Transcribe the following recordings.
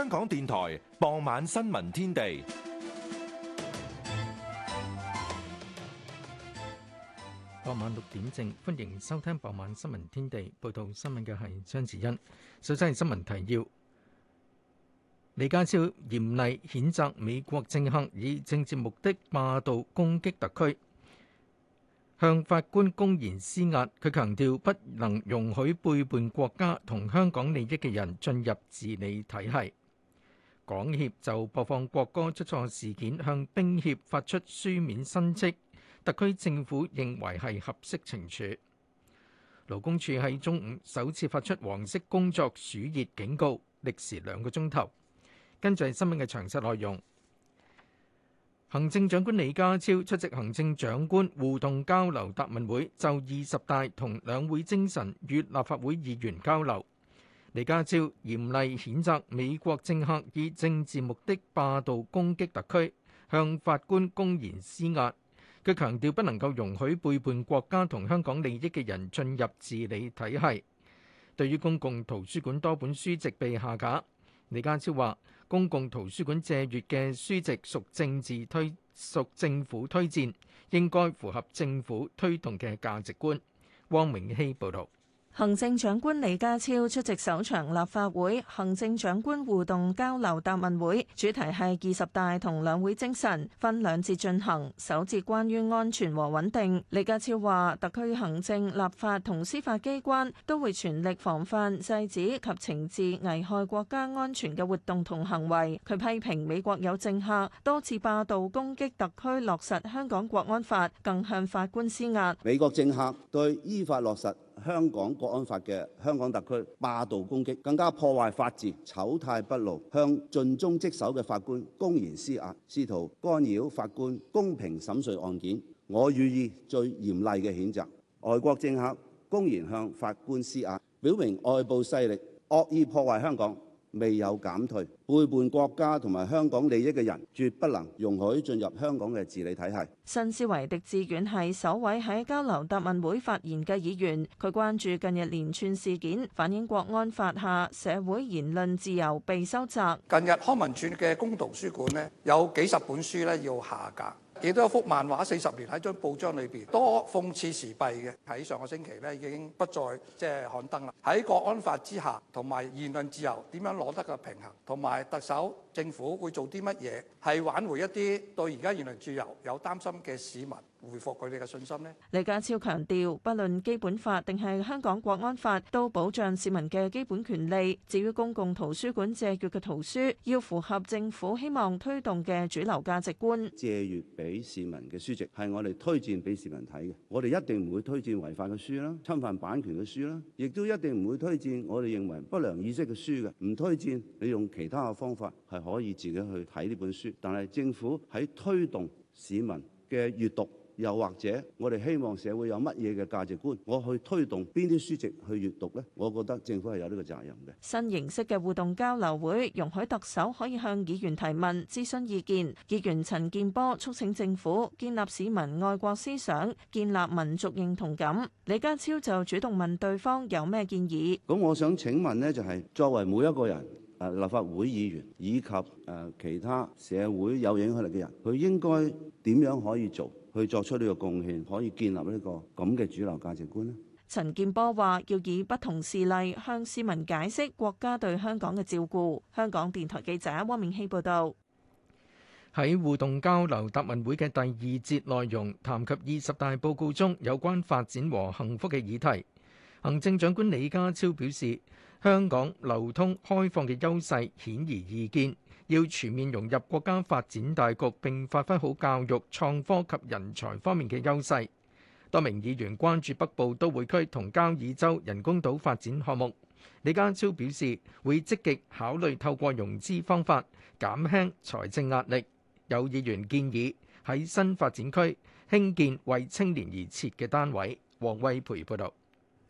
香港電台傍晚新聞天地，傍晚六點正，歡迎收聽傍晚新聞天地。報道新聞嘅係張子欣。首先係新聞提要：李家超嚴厲譴責美國政客以政治目的霸道攻擊特區，向法官公然施壓。佢強調不能容許背叛國家同香港利益嘅人進入治理體系。港協就播放國歌出錯事件向冰協發出書面申斥，特區政府認為係合適懲處。勞工處喺中午首次發出黃色工作暑熱警告，歷時兩個鐘頭。跟住係新聞嘅詳細內容。行政長官李家超出席行政長官互動交流答問會，就二十大同兩會精神與立法會議員交流。李家超嚴厲譴責美國政客以政治目的霸道攻擊特區，向法官公然施壓。佢強調不能夠容許背叛國家同香港利益嘅人進入治理體系。對於公共圖書館多本書籍被下架，李家超話：公共圖書館借閲嘅書籍屬政治推，屬政府推薦，應該符合政府推動嘅價值觀。汪明希報導。行政長官李家超出席首場立法會行政長官互動交流答問會，主題係二十大同兩會精神，分兩節進行。首節關於安全和穩定，李家超話，特區行政、立法同司法機關都會全力防範、制止及懲治危害國家安全嘅活動同行為。佢批評美國有政客多次霸道攻擊特區落實香港國安法，更向法官施壓。美國政客對依法落實香港國安法嘅香港特區霸道攻擊，更加破壞法治、醜態畢露，向盡忠職守嘅法官公然施壓，試圖干擾法官公平審訊案件。我予以最嚴厲嘅譴責。外國政客公然向法官施壓，表明外部勢力惡意破壞香港。未有減退，背叛國家同埋香港利益嘅人，絕不能容許進入香港嘅治理體系。新思維狄志遠係首位喺交流答問會發言嘅議員，佢關注近日連串事件反映國安法下社會言論自由被收窄。近日康文署嘅公共圖書館咧，有幾十本書咧要下架。亦都一幅漫畫四十年喺張報章裏面多諷刺時弊嘅，喺上個星期咧已經不再即係刊登啦。喺國安法之下同埋言論自由點樣攞得個平衡，同埋特首政府會做啲乜嘢係挽回一啲對而家言論自由有擔心嘅市民？回覆佢哋嘅信心呢？李家超強調，不論基本法定係香港國安法，都保障市民嘅基本權利。至於公共圖書館借閲嘅圖書，要符合政府希望推動嘅主流價值觀。借閲俾市民嘅書籍，係我哋推薦俾市民睇嘅。我哋一定唔會推薦違法嘅書啦，侵犯版權嘅書啦，亦都一定唔會推薦我哋認為不良意識嘅書嘅。唔推薦，你用其他嘅方法係可以自己去睇呢本書。但係政府喺推動市民嘅閲讀。又或者，我哋希望社會有乜嘢嘅價值觀，我去推動邊啲書籍去閱讀咧？我覺得政府係有呢個責任嘅。新形式嘅互動交流會容許特首可以向議員提問、諮詢意見，議員陳建波促請政府建立市民愛國思想、建立民族認同感。李家超就主動問對方有咩建議，咁我想請問咧、就是，就係作為每一個人。誒立法會議員以及誒其他社會有影響力嘅人，佢應該點樣可以做，去作出呢個貢獻，可以建立呢個咁嘅主流價值觀咧？陳健波話：要以不同事例向市民解釋國家對香港嘅照顧。香港電台記者汪明希報道。喺互動交流答問會嘅第二節內容，談及二十大報告中有關發展和幸福嘅議題。行政長官李家超表示。香港流通開放嘅優勢顯而易見，要全面融入國家發展大局，並發揮好教育、創科及人才方面嘅優勢。多名議員關注北部都會區同交椅洲人工島發展項目。李家超表示會積極考慮透過融資方法減輕財政壓力。有議員建議喺新發展區興建為青年而設嘅單位。黃惠培報道。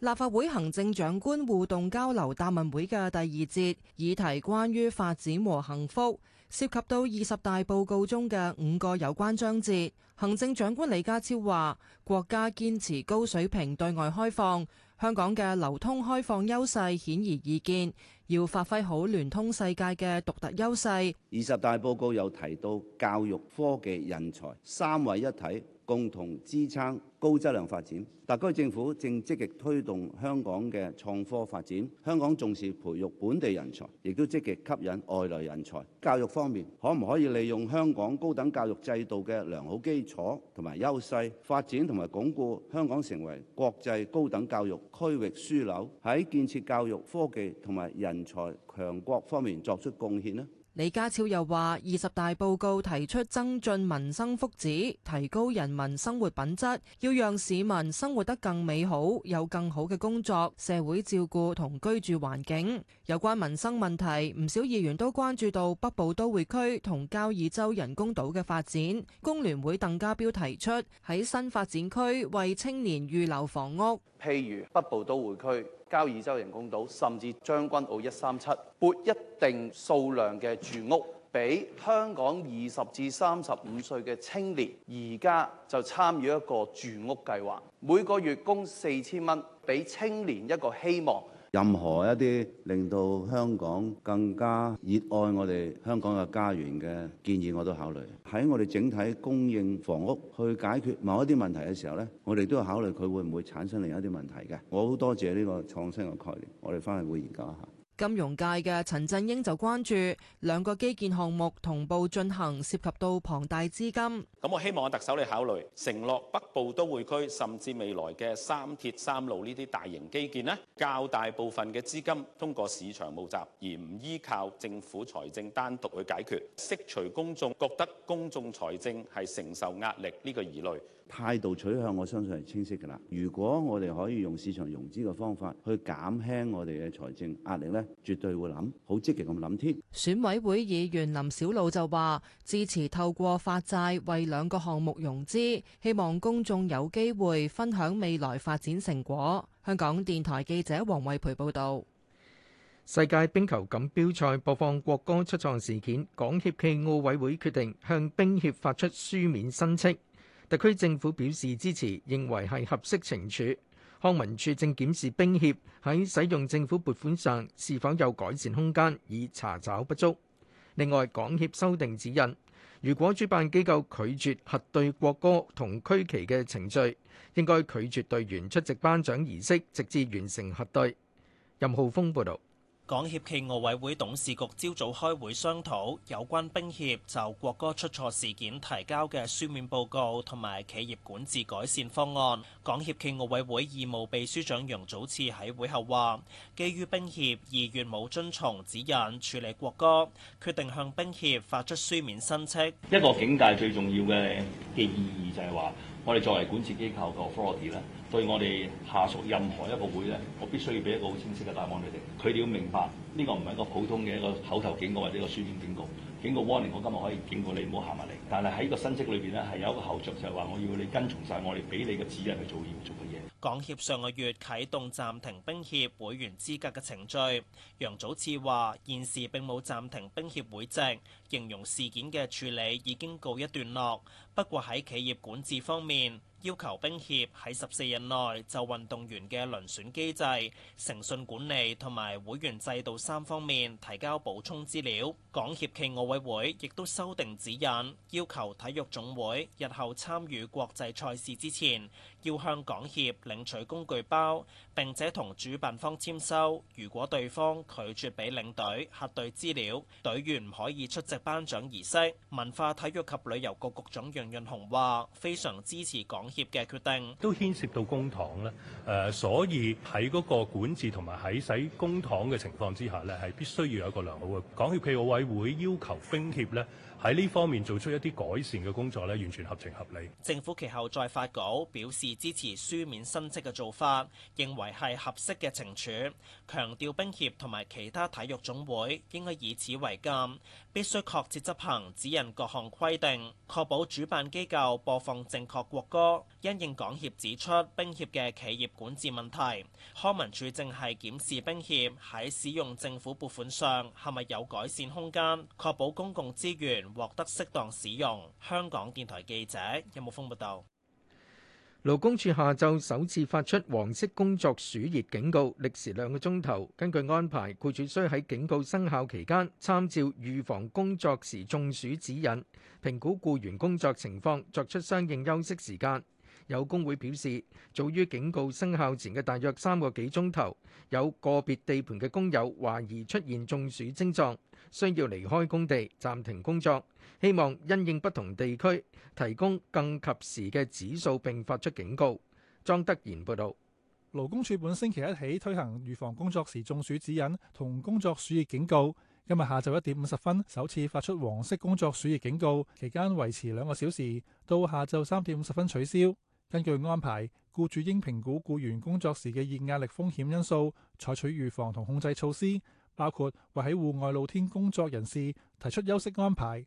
立法會行政長官互動交流答問會嘅第二節議題關於發展和幸福，涉及到二十大報告中嘅五個有關章節。行政長官李家超話：國家堅持高水平對外開放，香港嘅流通開放優勢顯而易見，要發揮好聯通世界嘅獨特優勢。二十大報告又提到教育、科技、人才三位一體。共同支撐高質量發展，特區政府正積極推動香港嘅創科發展。香港重視培育本地人才，亦都積極吸引外來人才。教育方面，可唔可以利用香港高等教育制度嘅良好基礎同埋優勢，發展同埋鞏固香港成為國際高等教育區域樞紐，喺建設教育科技同埋人才強國方面作出貢獻呢？李家超又話，二十大報告提出增進民生福祉，提高人民生活品質，要讓市民生活得更美好，有更好嘅工作、社會照顧同居住環境。有關民生問題，唔少議員都關注到北部都會區同交椅洲人工島嘅發展。工聯會鄧家彪提出喺新發展區為青年預留房屋，譬如北部都會區。交椅洲人工島，甚至將軍澳一三七撥一定數量嘅住屋，俾香港二十至三十五歲嘅青年，而家就參與一個住屋計劃，每個月供四千蚊，俾青年一個希望。任何一啲令到香港更加熱愛我哋香港嘅家園嘅建議，我都考慮。喺我哋整體供應房屋去解決某一啲問題嘅時候咧，我哋都要考慮佢會唔會產生另一啲問題嘅。我好多謝呢個創新嘅概念，我哋翻去會研究一下。金融界嘅陳振英就關注兩個基建項目同步進行，涉及到龐大資金。咁我希望我特首你考慮承諾北部都會區，甚至未來嘅三鐵三路呢啲大型基建咧，較大部分嘅資金通過市場募集，而唔依靠政府財政單獨去解決，釋除公眾覺得公眾財政係承受壓力呢個疑慮。態度取向，我相信係清晰㗎啦。如果我哋可以用市場融資嘅方法去減輕我哋嘅財政壓力呢，絕對會諗，好積極咁諗添。選委會議員林小露就話：支持透過發債為兩個項目融資，希望公眾有機會分享未來發展成果。香港電台記者黃慧培報導。世界冰球錦標賽播放國歌出錯事件，港協暨奧委會決定向冰協發出書面申斥。特區政府表示支持，認為係合適懲處。康文署正檢視冰協喺使用政府撥款上是否有改善空間，以查找不足。另外，港協修訂指引，如果主辦機構拒絕核對國歌同區旗嘅程序，應該拒絕隊員出席頒獎儀式，直至完成核對。任浩峰報道。港協暨奧委會董事局朝早開會，商討有關兵協就國歌出錯事件提交嘅書面報告同埋企業管治改善方案。港協暨奧委會義務秘書長楊祖次喺會後話：基於兵協二月冇遵從指引處理國歌，決定向兵協發出書面申斥。一個警戒最重要嘅嘅意義就係話。我哋作為管治機構個 authority 咧，對我哋下屬任何一個會咧，我必須要俾一個好清晰嘅答案佢哋。佢哋要明白呢個唔係一個普通嘅一個口頭警告或者一個書面警告，警告 warning 我今日可以警告你唔好行埋嚟，但係喺個新職裏邊咧，係有一個後著就係話我要你跟從晒我哋，俾你嘅指引去做要做嘅嘢。港協上個月啟動暫停冰協會員資格嘅程序，楊祖賜話現時並冇暫停冰協會籍，形容事件嘅處理已經告一段落。不過喺企業管治方面，要求冰協喺十四日內就運動員嘅遴選機制、誠信管理同埋會員制度三方面提交補充資料。港協暨奧委會亦都修訂指引，要求體育總會日後參與國際賽事之前，要向港協領取工具包，並且同主辦方簽收，如果對方拒絕俾領隊核對資料，隊員唔可以出席頒獎儀式。文化體育及旅遊局局長楊潤雄話，非常支持港協嘅決定，都牽涉到公帑，所以，喺嗰個管治同埋喺使公帑嘅情況之下，係必須要有一個良好嘅。港協暨奧委會要求冰協喺呢方面做出一啲改善嘅工作咧，完全合情合理。政府其後再發稿表示支持書面申職嘅做法，認為係合適嘅懲處，強調冰協同埋其他體育總會應該以此為鑑，必須確切執行指引各項規定，確保主辦機構播放正確國歌。因應港協指出冰協嘅企業管治問題，康文署正係檢視冰協喺使用政府撥款上係咪有改善空間，確保公共資源。獲得適當使用。香港電台記者有木風報導。勞工處下晝首次發出黃色工作暑熱警告，歷時兩個鐘頭。根據安排，僱主需喺警告生效期間，參照預防工作時中暑指引，評估僱員工作情況，作出相應休息時間。有工會表示，早於警告生效前嘅大約三個幾鐘頭，有個別地盤嘅工友懷疑出現中暑症狀，需要離開工地暫停工作。希望因應不同地區提供更及時嘅指數並發出警告。莊德賢報道，勞工處本星期一起推行預防工作時中暑指引同工作暑熱警告。今日下晝一點五十分首次發出黃色工作暑熱警告，期間維持兩個小時，到下晝三點五十分取消。根據安排，僱主應評估僱員工作時嘅熱壓力風險因素，採取預防同控制措施，包括為喺戶外露天工作人士提出休息安排，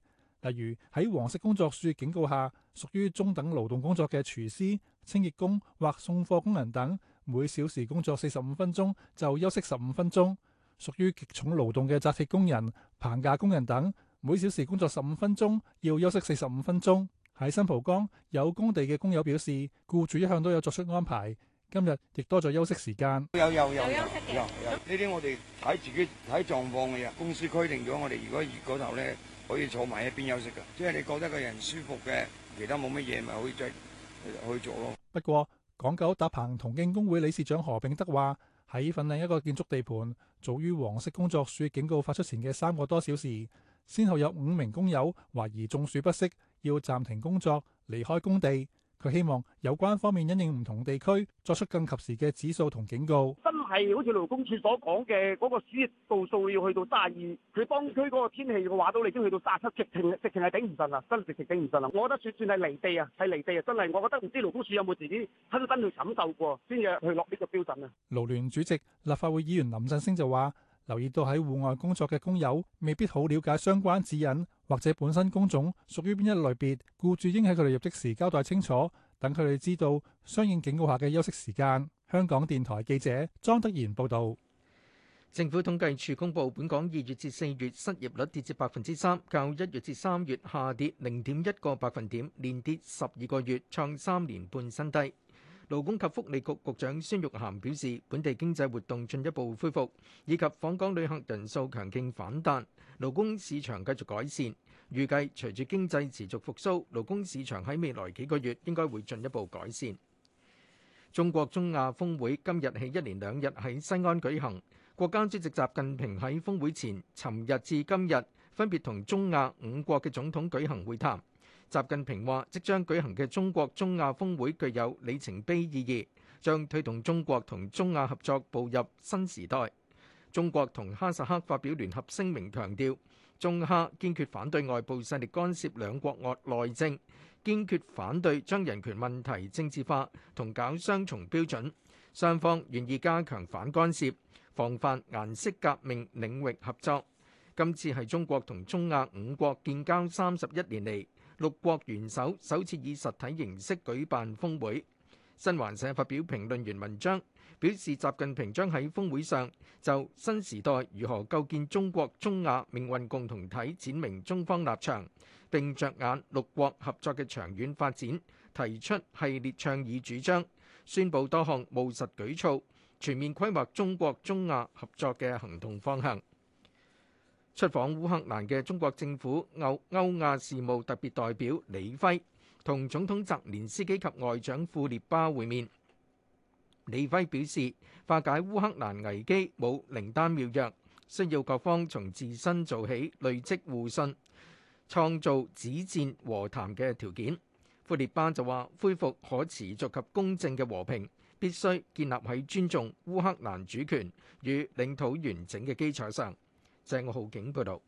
例如喺黃色工作暑熱警告下，屬於中等勞動工作嘅廚師、清潔工或送貨工人等，每小時工作四十五分鐘就休息十五分鐘；屬於極重勞動嘅紮鐵工人、棚架工人等，每小時工作十五分鐘要休息四十五分鐘。喺新蒲崗，有工地嘅工友表示，雇主一向都有作出安排，今日亦多咗休息時間。呢啲我哋睇自己睇狀況嘅。公司規定咗，我哋如果熱嗰頭咧可以坐埋一邊休息噶，即係你覺得個人舒服嘅，其他冇乜嘢咪可以再去做咯。不過，港九搭棚同敬工會理事長何炳德話：喺粉嶺一個建築地盤，早於黃色工作暑警告發出前嘅三個多小時，先後有五名工友懷疑中暑不適。要暫停工作，離開工地。佢希望有關方面因應唔同地區，作出更及時嘅指數同警告。真係好似勞工處所講嘅，嗰個暑熱度數要去到卅二，佢當區嗰個天氣嘅話都已經去到卅七，直情直情係頂唔順啦，真係直情頂唔順啦。我覺得算算係離地啊，係離地啊，真係我覺得唔知勞工處有冇自己親身去感受過，先至去落呢個標準啊。勞聯主席、立法會議員林振昇就話。留意到喺戶外工作嘅工友未必好了解相關指引，或者本身工種屬於邊一類別，雇主應喺佢哋入職時交代清楚，等佢哋知道相應警告下嘅休息時間。香港電台記者莊德賢報道，政府統計處公布，本港二月至四月失業率跌至百分之三，較一月至三月下跌零點一個百分點，連跌十二個月，創三年半新低。勞工及福利局局長孫玉菡表示，本地經濟活動進一步恢復，以及訪港旅客人數強勁反彈，勞工市場繼續改善。預計隨住經濟持續復甦，勞工市場喺未來幾個月應該會進一步改善。中國中亞峯會今日起一連兩日喺西安舉行，國家主席習近平喺峯會前尋日至今日分別同中亞五國嘅總統舉行會談。習近平話，即將舉行嘅中國中亞峰會具有里程碑意義，將推動中國同中亞合作步入新時代。中國同哈薩克發表聯合聲明，強調中哈堅決反對外部勢力干涉兩國內政，堅決反對將人權問題政治化同搞雙重標準。雙方願意加強反干涉、防範顏色革命領域合作。今次係中國同中亞五國建交三十一年嚟，六國元首首次以實體形式舉辦峰會。新華社發表評論員文章，表示習近平將喺峰會上就新時代如何構建中國中亞命運共同體闡明中方立場，並着眼六國合作嘅長遠發展，提出系列倡議主張，宣佈多項務實舉措，全面規劃中國中亞合作嘅行動方向。出訪烏克蘭嘅中國政府歐歐亞事務特別代表李輝同總統澤連斯基及外長庫列巴會面。李輝表示化解烏克蘭危機冇靈丹妙藥，需要各方從自身做起，累積互信，創造止戰和談嘅條件。庫列巴就話恢復可持續及公正嘅和平必須建立喺尊重烏克蘭主權與領土完整嘅基礎上。鄭浩景報道：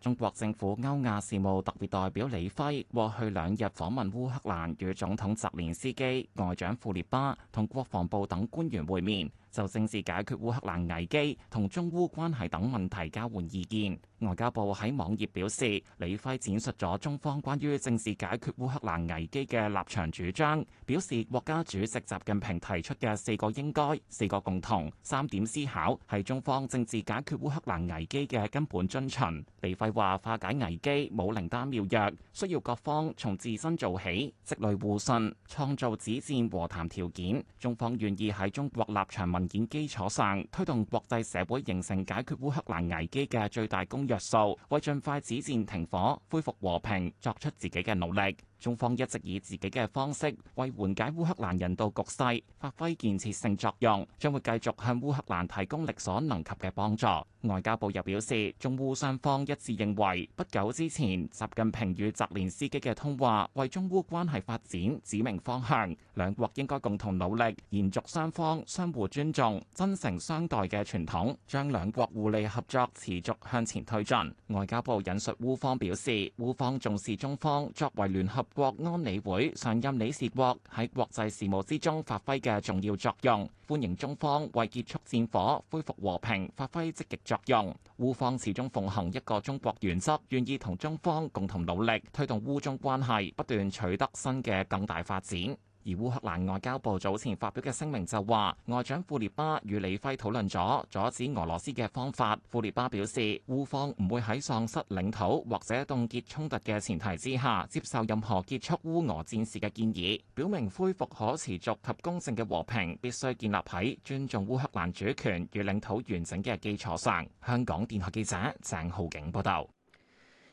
中國政府歐亞事務特別代表李輝過去兩日訪問烏克蘭，與總統澤連斯基、外長庫列巴同國防部等官員會面。就政治解決烏克蘭危機同中烏關係等問題交換意見，外交部喺網頁表示，李輝展述咗中方關於政治解決烏克蘭危機嘅立場主張，表示國家主席習近平提出嘅四個應該、四個共同、三點思考係中方政治解決烏克蘭危機嘅根本遵循。李輝話化解危機冇靈丹妙藥，需要各方從自身做起，積累互信，創造止戰和談條件。中方願意喺中國立場問件基礎上推動國際社會形成解決烏克蘭危機嘅最大公約數，為盡快止戰停火、恢復和平作出自己嘅努力。中方一直以自己嘅方式為緩解烏克蘭人道局勢發揮建設性作用，將會繼續向烏克蘭提供力所能及嘅幫助。外交部又表示，中烏雙方一致認為，不久之前習近平與澤連斯基嘅通話為中烏關係發展指明方向，兩國應該共同努力，延續雙方相互尊重、真誠相待嘅傳統，將兩國互利合作持續向前推進。外交部引述烏方表示，烏方重視中方作為聯合國安理會常任理事國喺國際事務之中發揮嘅重要作用，歡迎中方為結束戰火、恢復和平發揮積極作用。烏方始終奉行一個中國原則，願意同中方共同努力，推動烏中關係不斷取得新嘅更大發展。而烏克蘭外交部早前發表嘅聲明就話外長庫列巴與李輝討論咗阻止俄羅斯嘅方法。庫列巴表示，烏方唔會喺喪失領土或者凍結衝突嘅前提之下接受任何結束烏俄戰事嘅建議，表明恢復可持續及公正嘅和平必須建立喺尊重烏克蘭主權與領土完整嘅基礎上。香港電台記者鄭浩景報道。。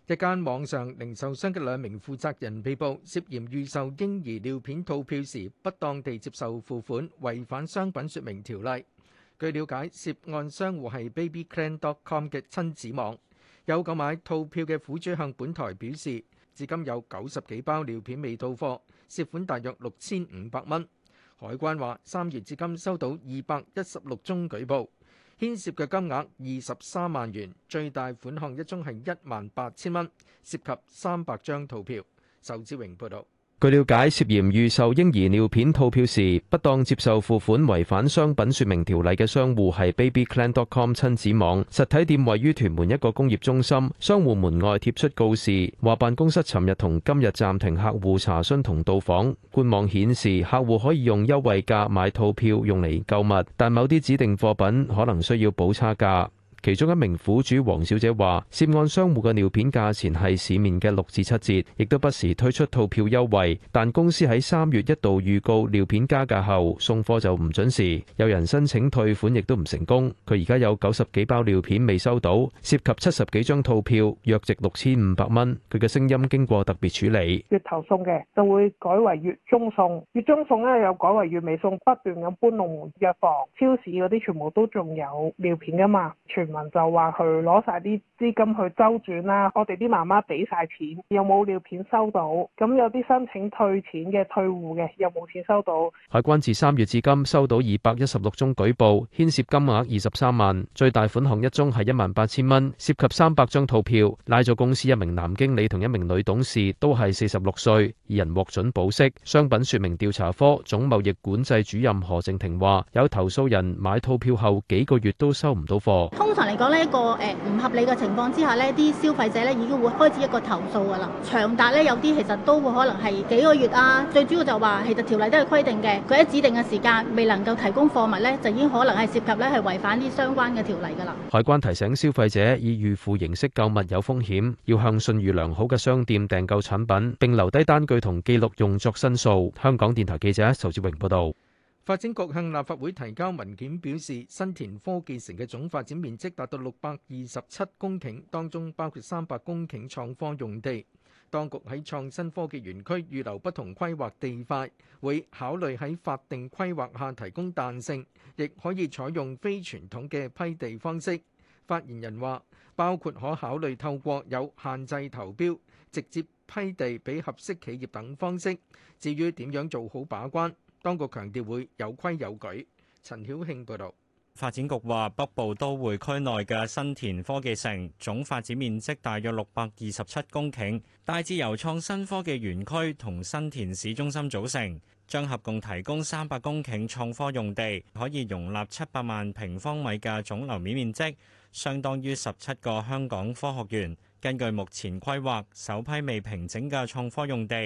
一間網上零售商嘅兩名負責人被捕，涉嫌預售嬰兒尿片套票時不當地接受付款，違反商品説明條例。據瞭解，涉案商戶係 BabyClean.com 嘅親子網。有購買套票嘅苦主向本台表示，至今有九十幾包尿片未到貨，涉款大約六千五百蚊。海關話，三月至今收到二百一十六宗舉報。牽涉嘅金額二十三萬元，最大款項一宗係一萬八千蚊，涉及三百張套票。仇志榮報導。據了解，涉嫌預售嬰兒尿片套票時不當接受付款，違反商品說明條例嘅商戶係 babycland.com 親子網，實體店位於屯門一個工業中心。商戶門外貼出告示，話辦公室尋日同今日暫停客戶查詢同到訪。官網顯示，客戶可以用優惠價買套票用嚟購物，但某啲指定貨品可能需要補差價。其中一名就話去攞晒啲資金去周轉啦，我哋啲媽媽俾晒錢，又冇尿片收到。咁有啲申請退錢嘅退戶嘅，又冇錢收到。海關自三月至今收到二百一十六宗舉報，牽涉金額二十三萬，最大款項一宗係一萬八千蚊，涉及三百張套票，拉咗公司一名男經理同一名女董事，都係四十六歲，二人獲准保釋。商品説明調查科總貿易管制主任何靜婷話：有投訴人買套票後幾個月都收唔到貨。通常嚟講咧，一個誒唔合理嘅情況之下，呢啲消費者咧已經會開始一個投訴噶啦。長達呢，有啲其實都會可能係幾個月啊。最主要就話其實條例都係規定嘅，佢喺指定嘅時間未能夠提供貨物呢，就已經可能係涉及呢係違反呢相關嘅條例噶啦。海關提醒消費者以預付形式購物有風險，要向信譽良好嘅商店訂購產品，並留低單據同記錄用作申訴。香港電台記者仇志榮報道。發展局向立法會提交文件表示，新田科技城嘅總發展面積達到六百二十七公頃，當中包括三百公頃創科用地。當局喺創新科技園區預留不同規劃地塊，會考慮喺法定規劃下提供彈性，亦可以採用非傳統嘅批地方式。發言人話，包括可考慮透過有限制投標、直接批地俾合適企業等方式。至於點樣做好把關？當局強調會有規有矩。陳曉慶報導，發展局話，北部都會區內嘅新田科技城總發展面積大約六百二十七公頃，大致由創新科技園區同新田市中心組成，將合共提供三百公頃創科用地，可以容納七百萬平方米嘅總樓面面積，相當於十七個香港科學園。根據目前規劃，首批未平整嘅創科用地，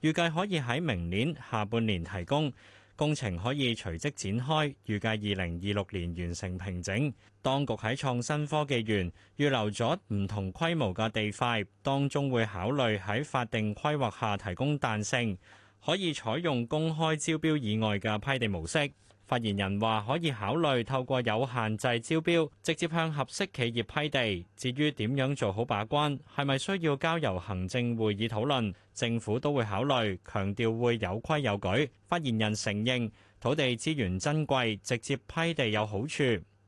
預計可以喺明年下半年提供。工程可以隨即展開，預計二零二六年完成平整。當局喺創新科技園預留咗唔同規模嘅地塊，當中會考慮喺法定規劃下提供彈性，可以採用公開招標以外嘅批地模式。發言人話可以考慮透過有限制招標直接向合適企業批地，至於點樣做好把關，係咪需要交由行政會議討論，政府都會考慮，強調會有規有矩。發言人承認土地資源珍貴，直接批地有好處，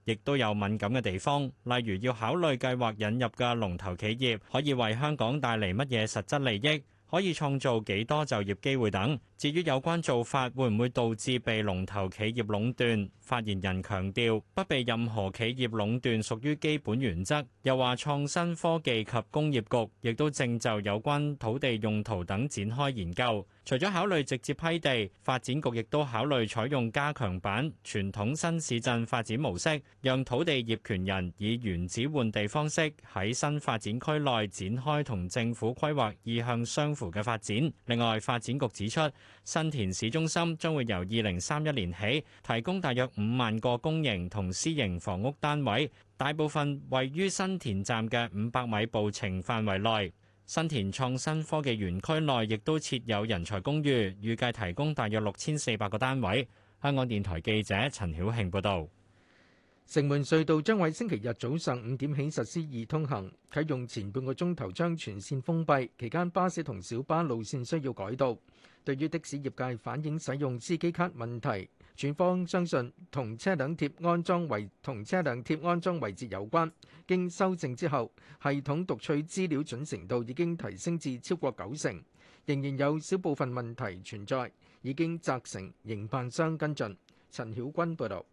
亦都有敏感嘅地方，例如要考慮計劃引入嘅龍頭企業可以為香港帶嚟乜嘢實質利益。可以創造幾多就業機會等，至於有關做法會唔會導致被龍頭企業壟斷，發言人強調，不被任何企業壟斷屬於基本原則。又話創新科技及工業局亦都正就有關土地用途等展開研究。除咗考慮直接批地，發展局亦都考慮採用加強版傳統新市鎮發展模式，讓土地業權人以原址換地方式喺新發展區內展開同政府規劃意向相符嘅發展。另外，發展局指出，新田市中心將會由2031年起提供大約5萬個公營同私營房屋單位大部分位於新田站嘅500米步程範圍內新田創新科技園區內亦都設有人才公寓，預計提供大約六千四百個單位。香港電台記者陳曉慶報導。城門隧道將於星期日早上五點起實施易通行，啟用前半個鐘頭將全線封閉，期間巴士同小巴路線需要改道。對於的士業界反映使用司機卡問題。轉方相信同車輛貼安裝位同車輛貼安裝位置有關。經修正之後，系統讀取資料準確度已經提升至超過九成，仍然有少部分問題存在，已經責成營辦商跟進。陳曉君報導。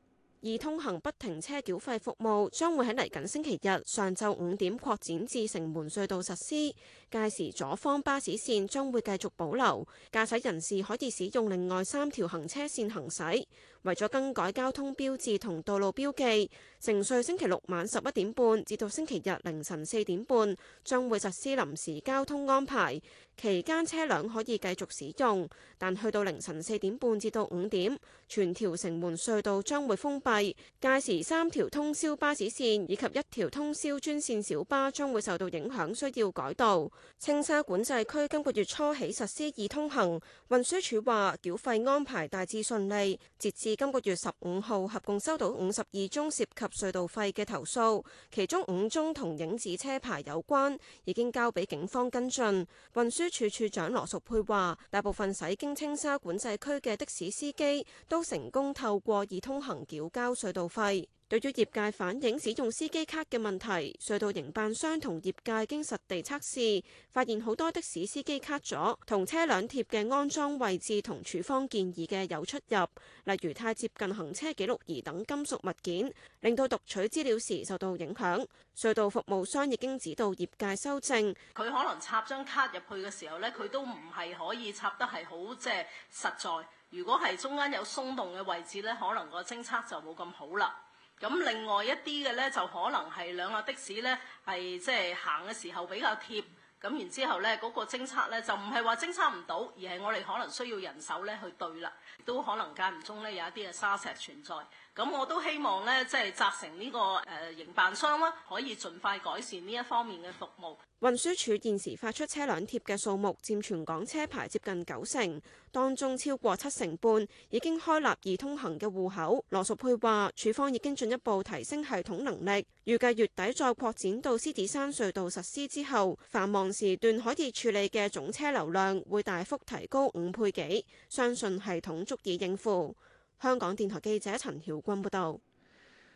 易通行不停車繳費服務將會喺嚟緊星期日上晝五點擴展至城門隧道實施，屆時左方巴士線將會繼續保留，駕駛人士可以使用另外三條行車線行駛。為咗更改交通標誌同道路標記，城隧星期六晚十一點半至到星期日凌晨四點半將會實施臨時交通安排，期間車輛可以繼續使用，但去到凌晨四點半至到五點，全條城門隧道將會封閉。屆時三條通宵巴士線以及一條通宵專線小巴將會受到影響，需要改道。青沙管制區今個月初起實施易通行，運輸署話繳費安排大致順利，截至。今個月十五號，合共收到五十二宗涉及隧道費嘅投訴，其中五宗同影子車牌有關，已經交俾警方跟進。運輸處處長羅淑佩話，大部分駛經青沙管制區嘅的，的士司機都成功透過易通行繳交隧道費。對於業界反映使用司機卡嘅問題，隧道營辦商同業界經實地測試，發現好多的士司機卡咗同車輛貼嘅安裝位置同廠方建議嘅有出入，例如太接近行車記錄儀等金屬物件，令到讀取資料時受到影響。隧道服務商已經指導業界修正。佢可能插張卡入去嘅時候呢，佢都唔係可以插得係好即係實在。如果係中間有鬆動嘅位置呢，可能個偵測就冇咁好啦。咁另外一啲嘅呢，就可能係兩個的士呢，係即係行嘅時候比較貼，咁然之後呢，嗰、那個偵測呢，就唔係話偵測唔到，而係我哋可能需要人手呢去對啦，都可能間唔中呢有一啲嘅沙石存在。咁我都希望呢，即係集成呢、這個誒營、呃、辦商啦，可以盡快改善呢一方面嘅服務。運輸署現時發出車輛貼嘅數目佔全港車牌接近九成，當中超過七成半已經開立易通行嘅戶口。羅淑佩話，署方已經進一步提升系統能力，預計月底再擴展到獅子山隧道實施之後，繁忙時段可以處理嘅總車流量會大幅提高五倍幾，相信系統足以應付。香港電台記者陳曉君報道。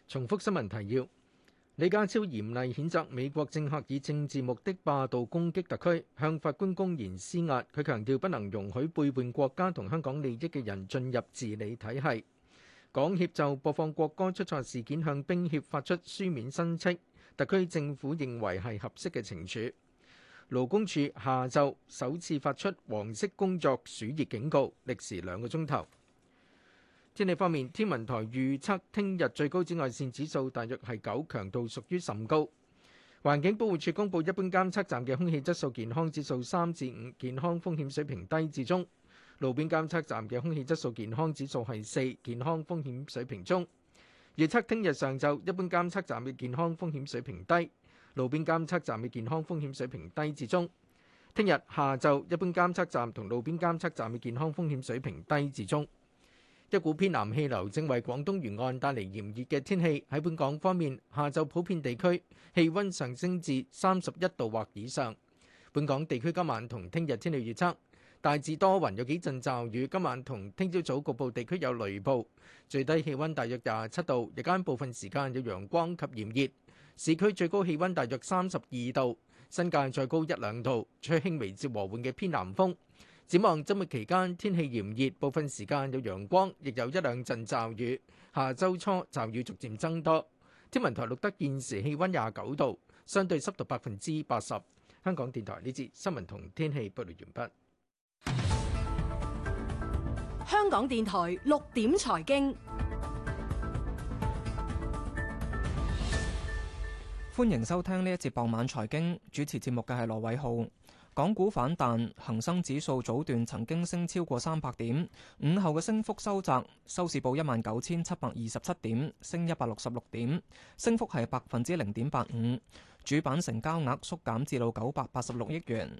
重複新聞提要：李家超嚴厲譴責美國政客以政治目的霸道攻擊特區，向法官公然施壓。佢強調不能容許背叛國家同香港利益嘅人進入治理體系。港協就播放國歌出錯事件向冰協發出書面申斥，特區政府認為係合適嘅懲處。勞工處下晝首次發出黃色工作暑熱警告，歷時兩個鐘頭。天氣方面，天文台預測聽日最高紫外線指數大約係九，強度屬於甚高。環境保護署公布一般監測站嘅空氣質素健康指數三至五，健康風險水平低至中；路邊監測站嘅空氣質素健康指數係四，健康風險水平中。預測聽日上晝一般監測站嘅健康風險水平低，路邊監測站嘅健康風險水平低至中。聽日下晝一般監測站同路邊監測站嘅健康風險水平低至中。一股偏南氣流正為廣東沿岸帶嚟炎熱嘅天氣，喺本港方面，下晝普遍地區氣溫上升至三十一度或以上。本港地區今晚同聽日天氣預測，大致多雲有幾陣驟雨，今晚同聽朝早局部地區有雷暴，最低氣溫大約廿七度，日間部分時間有陽光及炎熱，市區最高氣溫大約三十二度，新界再高一兩度，吹輕微至和緩嘅偏南風。展望周末期間，天氣炎熱，部分時間有陽光，亦有一兩陣驟雨。下周初驟雨逐漸增多。天文台錄得現時氣温廿九度，相對濕度百分之八十。香港電台呢節新聞同天氣報道完畢。香港電台六點財經，歡迎收聽呢一節傍晚財經，主持節目嘅係羅偉浩。港股反彈，恒生指數早段曾經升超過三百點，午後嘅升幅收窄，收市報一萬九千七百二十七點，升一百六十六點，升幅係百分之零點八五。主板成交額縮，縮減至到九百八十六億元。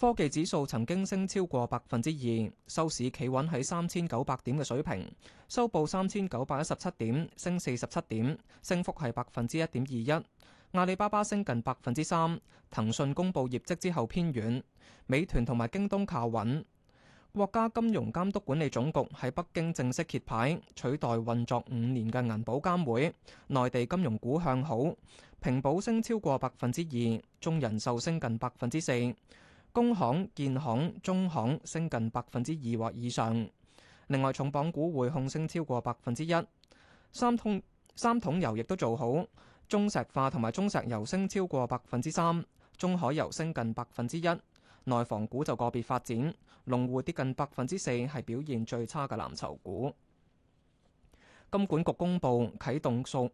科技指數曾經升超過百分之二，收市企穩喺三千九百點嘅水平，收報三千九百一十七點，升四十七點，升幅係百分之一點二一。阿里巴巴升近百分之三，騰訊公布業績之後偏軟，美團同埋京東靠穩。國家金融監督管理總局喺北京正式揭牌，取代運作五年嘅銀保監會。內地金融股向好，平保升超過百分之二，中人壽升近百分之四，工行、建行、中行升近百分之二或以上。另外，重磅股匯控升超過百分之一，三桶三桶油亦都做好。中石化同埋中石油升超過百分之三，中海油升近百分之一，內房股就個別發展，龍湖跌近百分之四，係表現最差嘅藍籌股。金管局公布啟動數，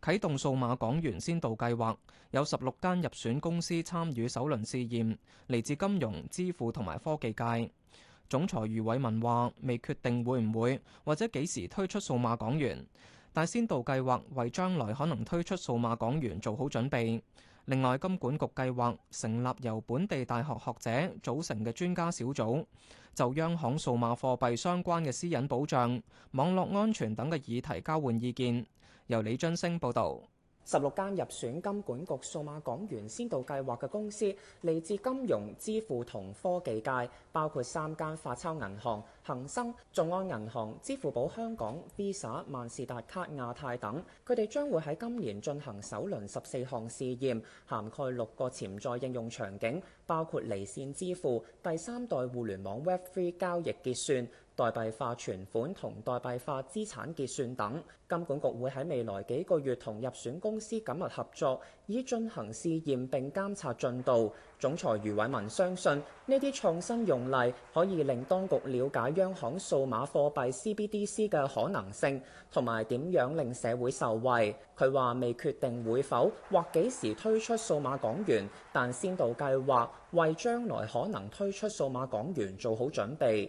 啟動數碼港元先導計劃，有十六間入選公司參與首輪試驗，嚟自金融、支付同埋科技界。總裁余偉文話，未決定會唔會或者幾時推出數碼港元。大仙道計劃為將來可能推出數碼港元做好準備。另外，金管局計劃成立由本地大學學者組成嘅專家小組，就央行數碼貨幣相關嘅私隱保障、網絡安全等嘅議題交換意見。由李津星報導。十六間入選金管局數碼港元先導計劃嘅公司嚟自金融、支付同科技界，包括三間發鈔銀行、恒生、眾安銀行、支付寶香港、Visa、萬事達卡、亞太等。佢哋將會喺今年進行首輪十四項試驗，涵蓋六個潛在應用場景，包括離線支付、第三代互聯網 Web3 交易結算。代幣化存款同代幣化資產結算等，金管局會喺未來幾個月同入選公司緊密合作，以進行試驗並監察進度。總裁余偉文相信呢啲創新用例可以令當局了解央行數碼貨幣 CBDC 嘅可能性，同埋點樣令社會受惠。佢話未決定會否或幾時推出數碼港元，但先導計劃為將來可能推出數碼港元做好準備。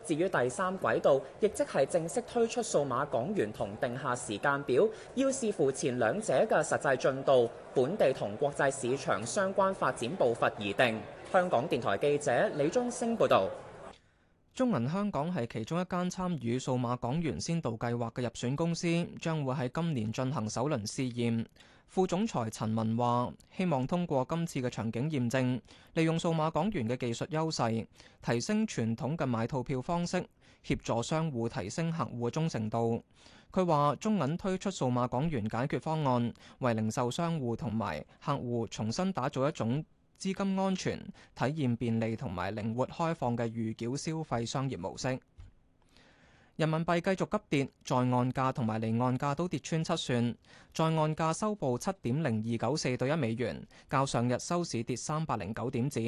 至於第三軌道，亦即係正式推出數碼港元同定下時間表，要視乎前兩者嘅實際進度、本地同國際市場相關發展步伐而定。香港電台記者李宗升報導。中銀香港係其中一間參與數碼港元先導計劃嘅入選公司，將會喺今年進行首輪試驗。副總裁陳文話，希望通過今次嘅場景驗證，利用數碼港元嘅技術優勢，提升傳統嘅買套票方式，協助商戶提升客戶忠誠度。佢話，中銀推出數碼港元解決方案，為零售商戶同埋客戶重新打造一種資金安全、體驗便利同埋靈活開放嘅預繳消費商業模式。人民幣繼續急跌，在岸價同埋離岸價都跌穿七算，在岸價收報七點零二九四對一美元，較上日收市跌三百零九點子，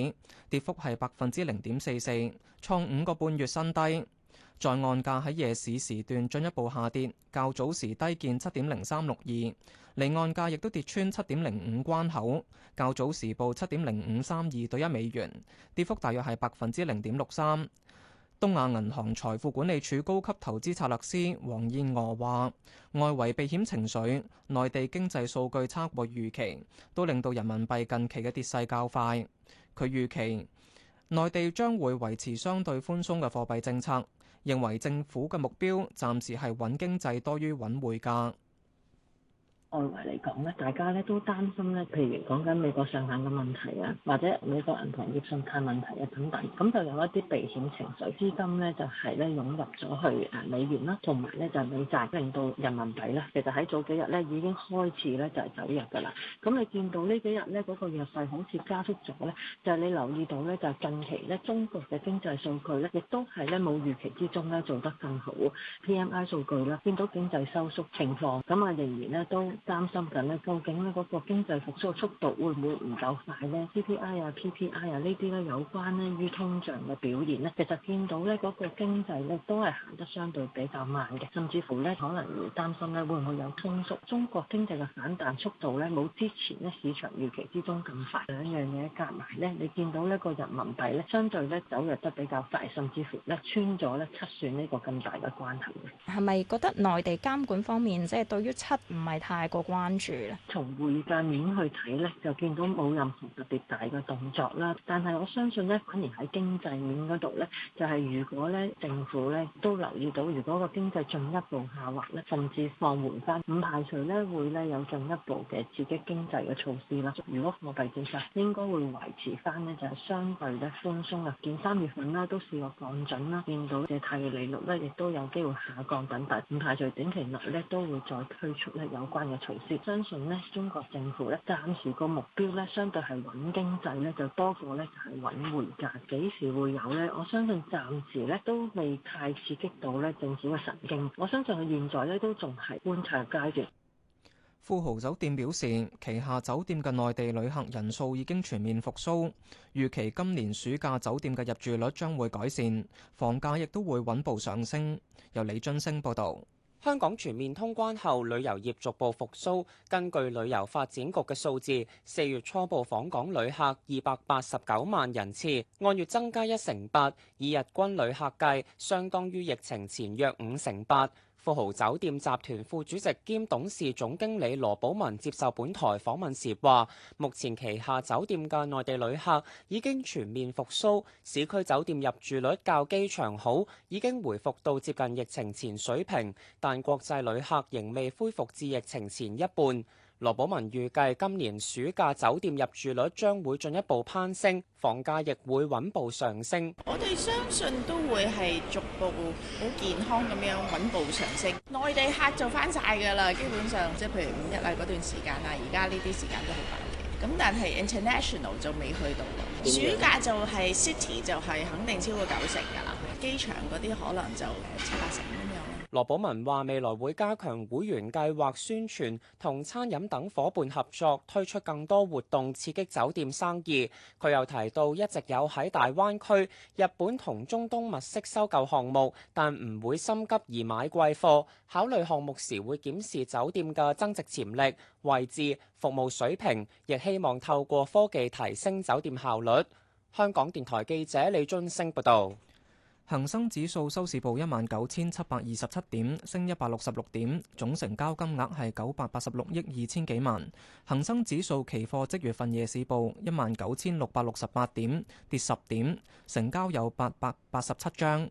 跌幅係百分之零點四四，創五個半月新低。在岸價喺夜市時段進一步下跌，較早時低見七點零三六二，離岸價亦都跌穿七點零五關口，較早時報七點零五三二對一美元，跌幅大約係百分之零點六三。東亞銀行財富管理處高級投資策略師黃燕娥話，外圍避險情緒、內地經濟數據差過預期，都令到人民幣近期嘅跌勢較快。佢預期內地將會維持相對寬鬆嘅貨幣政策，認為政府嘅目標暫時係穩經濟多於穩匯價。外圍嚟講咧，大家咧都擔心咧，譬如講緊美國上限嘅問題啊，或者美國銀行業信貸問題啊等等，咁就有一啲避險情緒資金咧，就係咧湧入咗去啊美元啦，同埋咧就美債，令到人民幣咧，其實喺早幾日咧已經開始咧就走弱㗎啦。咁你見到呢幾日咧嗰個弱勢好似加速咗咧，就係、是、你留意到咧，就近期咧中國嘅經濟數據咧，亦都係咧冇預期之中咧做得更好，P M I 數據啦，見到經濟收縮情況，咁啊仍然咧都，擔心緊咧，究竟咧嗰個經濟復甦速度會唔會唔夠快咧？PPI 啊 PP、PPI 啊呢啲咧有關咧於通脹嘅表現咧，其實見到咧嗰個經濟咧都係行得相對比較慢嘅，甚至乎咧可能會擔心咧會唔會有通縮？中國經濟嘅反彈速度咧冇之前咧市場預期之中咁快，兩樣嘢夾埋咧，你見到呢個人民幣咧相對咧走弱得比較快，甚至乎咧穿咗咧七算呢個更大嘅關口。係咪覺得內地監管方面即係對於七唔係太個關注咧，從匯價面去睇咧，就見到冇任何特別大嘅動作啦。但係我相信咧，反而喺經濟面嗰度咧，就係如果咧政府咧都留意到，如果個經濟進一步下滑咧，甚至放緩翻，唔排除咧會咧有進一步嘅刺激經濟嘅措施啦。如果貨幣政策應該會維持翻咧，就係相對咧寬鬆啦。見三月份啦、啊、都試過降準啦，見到借貸利率咧亦都有機會下降緊，但係唔排除短期內咧都會再推出咧有關嘅。同時相信呢中國政府咧暫時個目標咧，相對係揾經濟呢，就多過咧就係揾匯價。幾時會有呢？我相信暫時咧都未太刺激到咧政府嘅神經。我相信佢現在咧都仲係觀察階段。富豪酒店表示，旗下酒店嘅內地旅客人數已經全面復甦，預期今年暑假酒店嘅入住率將會改善，房價亦都會穩步上升。由李津升報導。香港全面通關後，旅遊業逐步復甦。根據旅遊發展局嘅數字，四月初步訪港旅客二百八十九萬人次，按月增加一成八，以日均旅客計，相當於疫情前約五成八。富豪酒店集團副主席兼董事總經理羅寶文接受本台訪問時話，目前旗下酒店嘅內地旅客已經全面復甦，市區酒店入住率較機場好，已經回復到接近疫情前水平，但國際旅客仍未恢復至疫情前一半。羅寶文預計今年暑假酒店入住率將會進一步攀升，房價亦會穩步上升。我哋相信都會係逐步好健康咁樣穩步上升。 內地客就翻晒噶啦，基本上即係、就是、譬如五一啊嗰段時間啊，而家呢啲時間都好快嘅。咁但係 international 就未去到咯。暑假就係 city 就係肯定超過九成噶啦，機場嗰啲可能就七八成咁樣。羅寶文話：未來會加強會員計劃宣傳，同餐飲等夥伴合作推出更多活動，刺激酒店生意。佢又提到一直有喺大灣區、日本同中東物色收購項目，但唔會心急而買貴貨。考慮項目時會檢視酒店嘅增值潛力、位置、服務水平，亦希望透過科技提升酒店效率。香港電台記者李津升報道。恒生指數收市報一萬九千七百二十七點，升一百六十六點，總成交金額係九百八十六億二千幾萬。恒生指數期貨即月份夜市報一萬九千六百六十八點，跌十點，成交有八百八十七張。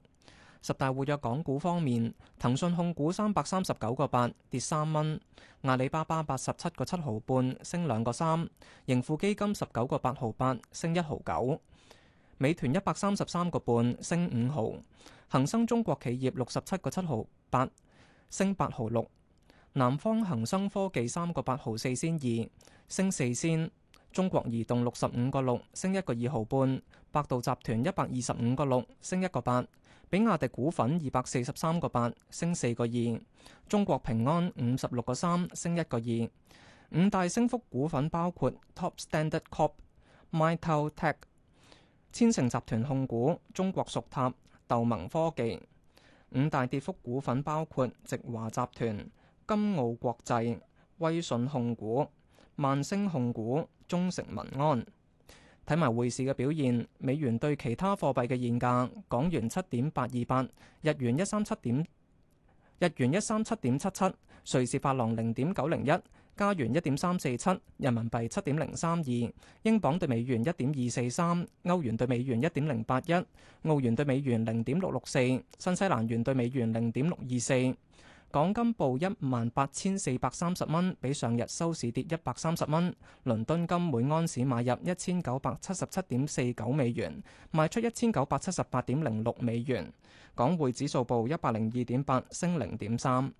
十大活躍港股方面，騰訊控股三百三十九個八，跌三蚊；阿里巴巴八十七個七毫半，升兩個三；盈富基金十九個八毫八，升一毫九。美團一百三十三個半升五毫，恒生中國企業六十七個七毫八升八毫六，南方恒生科技三個八毫四仙二升四仙，中國移動六十五個六升一個二毫半，百度集團一百二十五個六升一個八，比亞迪股份二百四十三個八升四個二，中國平安五十六個三升一個二，五大升幅股份包括 Top Standard Corp、m y t o Tech。千城集團控股、中國屬塔、豆盟科技，五大跌幅股份包括直華集團、金澳國際、威信控股、萬星控股、中誠民安。睇埋匯市嘅表現，美元對其他貨幣嘅現價，港元七點八二八，日元一三七點，日元一三七點七七，瑞士法郎零點九零一。加元一點三四七，人民幣七點零三二，英鎊對美元一點二四三，歐元對美元一點零八一，澳元對美元零點六六四，新西蘭元對美元零點六二四。港金報一萬八千四百三十蚊，比上日收市跌一百三十蚊。倫敦金每安士買入一千九百七十七點四九美元，賣出一千九百七十八點零六美元。港匯指數報一百零二點八升零點三。